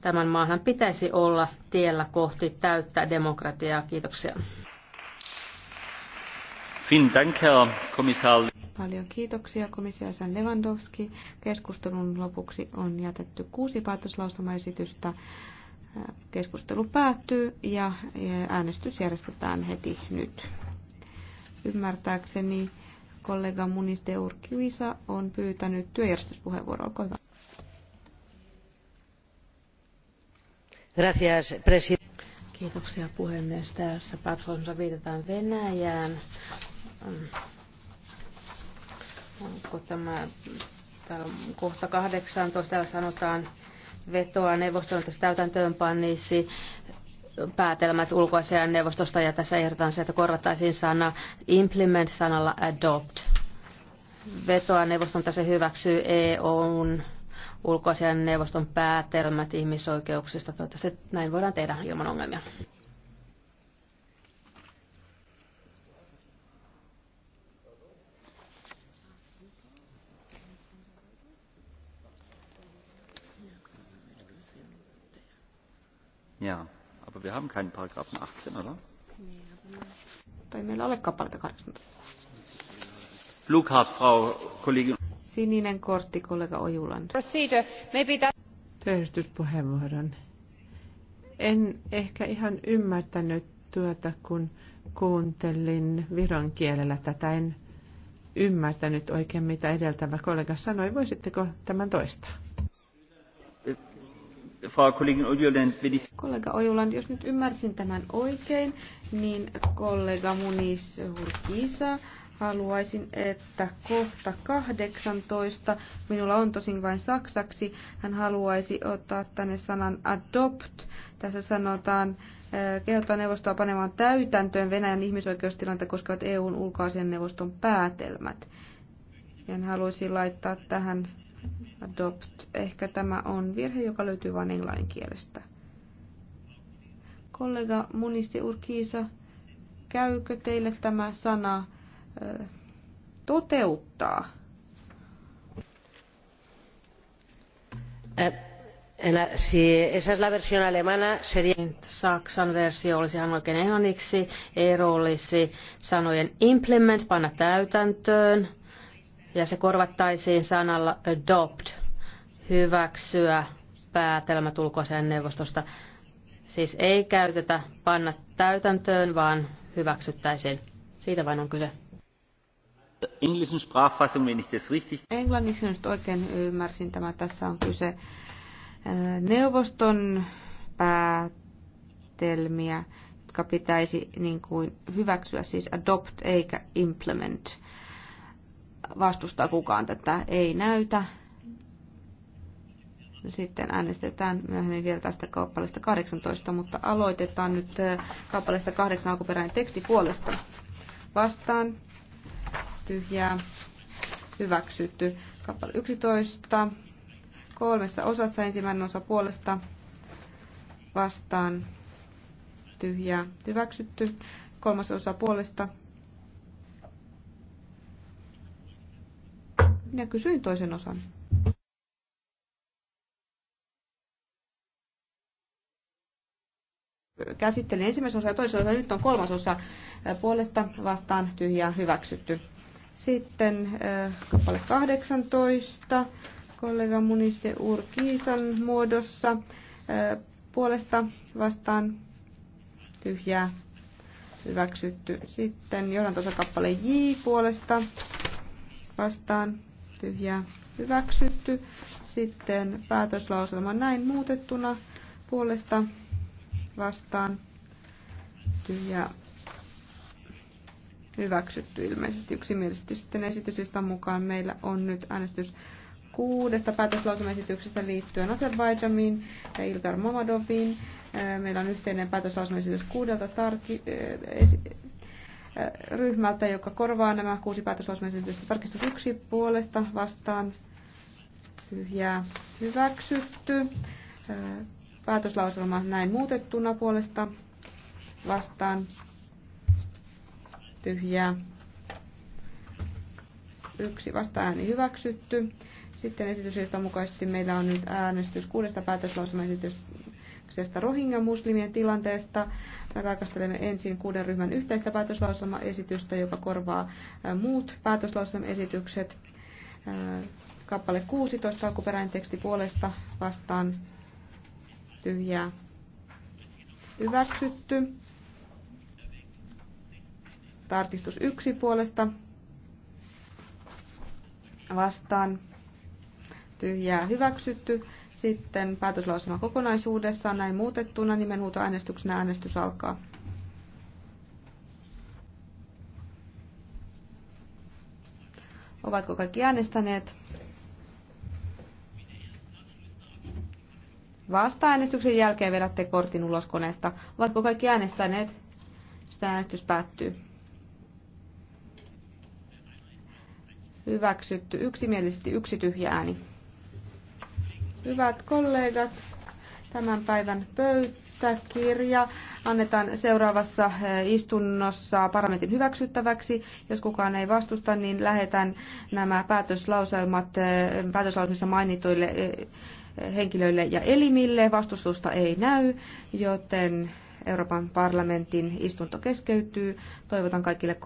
Tämän maahan pitäisi olla tiellä kohti täyttä demokratiaa. Kiitoksia. Paljon kiitoksia komissio San Lewandowski. Keskustelun lopuksi on jätetty kuusi päätöslauselmaesitystä. Keskustelu päättyy ja äänestys järjestetään heti nyt. Ymmärtääkseni kollega Muniste Urkiuisa on pyytänyt työjärjestyspuheenvuoroa. Kiitoksia puhemies. Tässä päätöslauselmassa viitataan Venäjään. Onko tämä täällä kohta 18, täällä sanotaan vetoa neuvoston, että täytäntöönpannisi päätelmät ulkoasian neuvostosta ja tässä ehdotetaan se, että korvattaisiin sana implement sanalla adopt. Vetoa neuvoston tässä hyväksyy EUn ulkoasian neuvoston päätelmät ihmisoikeuksista. Toivottavasti näin voidaan tehdä ilman ongelmia. Ja, aber wir haben keinen Paragraphen 18, oder? Tai meillä ole kappaletta 18. Flughaft, Frau Kollegin. Sininen kortti, kollega Ojuland. Työjärjestyspuheenvuoron. En ehkä ihan ymmärtänyt työtä, tuota, kun kuuntelin viron kielellä tätä. En ymmärtänyt oikein, mitä edeltävä kollega sanoi. Voisitteko tämän toistaa? Kollega Ojuland, jos nyt ymmärsin tämän oikein, niin kollega Munis Hurkisa haluaisin, että kohta 18, minulla on tosin vain saksaksi, hän haluaisi ottaa tänne sanan adopt. Tässä sanotaan, eh, kehottaa neuvostoa panemaan täytäntöön Venäjän ihmisoikeustilanta koskevat EUn ulkoasian neuvoston päätelmät. hän haluaisi laittaa tähän adopt. Ehkä tämä on virhe, joka löytyy vain englanninkielestä. Kollega Munisti Urkiisa, käykö teille tämä sana toteuttaa. Saksan versio olisi ihan oikein englanniksi. Ero olisi sanojen implement, panna täytäntöön, ja se korvattaisiin sanalla adopt, hyväksyä päätelmä ulkoisen neuvostosta. Siis ei käytetä panna täytäntöön, vaan hyväksyttäisiin. Siitä vain on kyse. Englanniksi nyt oikein ymmärsin tämä. Tässä on kyse neuvoston päätelmiä, jotka pitäisi niin kuin hyväksyä, siis adopt eikä implement. Vastustaa kukaan tätä ei näytä. Sitten äänestetään myöhemmin vielä tästä kappaleesta 18, mutta aloitetaan nyt kappaleesta 8 alkuperäinen teksti puolesta. Vastaan tyhjää hyväksytty. Kappale 11 kolmessa osassa ensimmäinen osa puolesta vastaan tyhjää hyväksytty. Kolmas osa puolesta. Minä kysyin toisen osan. Käsittelen ensimmäisen osan ja toisen osan. Nyt on kolmas osa puolesta vastaan tyhjää hyväksytty. Sitten äh, kappale 18 kollega Muniste Urkiisan muodossa äh, puolesta vastaan tyhjää hyväksytty. Sitten kappale J puolesta vastaan tyhjää hyväksytty. Sitten päätöslauselma näin muutettuna puolesta vastaan tyhjää hyväksytty ilmeisesti yksimielisesti. Sitten esityslistan mukaan meillä on nyt äänestys kuudesta päätöslausumaesityksestä liittyen Azerbaijamiin ja Ilgar Mamadoviin. Meillä on yhteinen päätöslausumaesitys kuudelta tarki, ryhmältä, joka korvaa nämä kuusi päätöslausumaesitystä. Tarkistus yksi puolesta vastaan tyhjää hyväksytty. Päätöslauselma näin muutettuna puolesta vastaan tyhjää. Yksi vastaääni hyväksytty. Sitten esityslistan mukaisesti meillä on nyt äänestys kuudesta päätöslausumaesityksestä Rohingya muslimien tilanteesta. Me tarkastelemme ensin kuuden ryhmän yhteistä esitystä, joka korvaa muut päätöslausumaesitykset. Kappale 16 alkuperäinen teksti puolesta vastaan tyhjää hyväksytty. Tarkistus yksi puolesta vastaan tyhjää hyväksytty. Sitten päätöslausuma kokonaisuudessaan näin muutettuna nimenhuutoäänestyksenä äänestys alkaa. Ovatko kaikki äänestäneet? Vasta-äänestyksen jälkeen vedätte kortin ulos koneesta. Ovatko kaikki äänestäneet? Sitä äänestys päättyy. hyväksytty yksimielisesti yksi tyhjä ääni. Hyvät kollegat, tämän päivän pöytäkirja annetaan seuraavassa eh, istunnossa parlamentin hyväksyttäväksi. Jos kukaan ei vastusta, niin lähetän nämä päätöslauselmat eh, päätöslauselmissa mainituille eh, henkilöille ja elimille. Vastustusta ei näy, joten Euroopan parlamentin istunto keskeytyy. Toivotan kaikille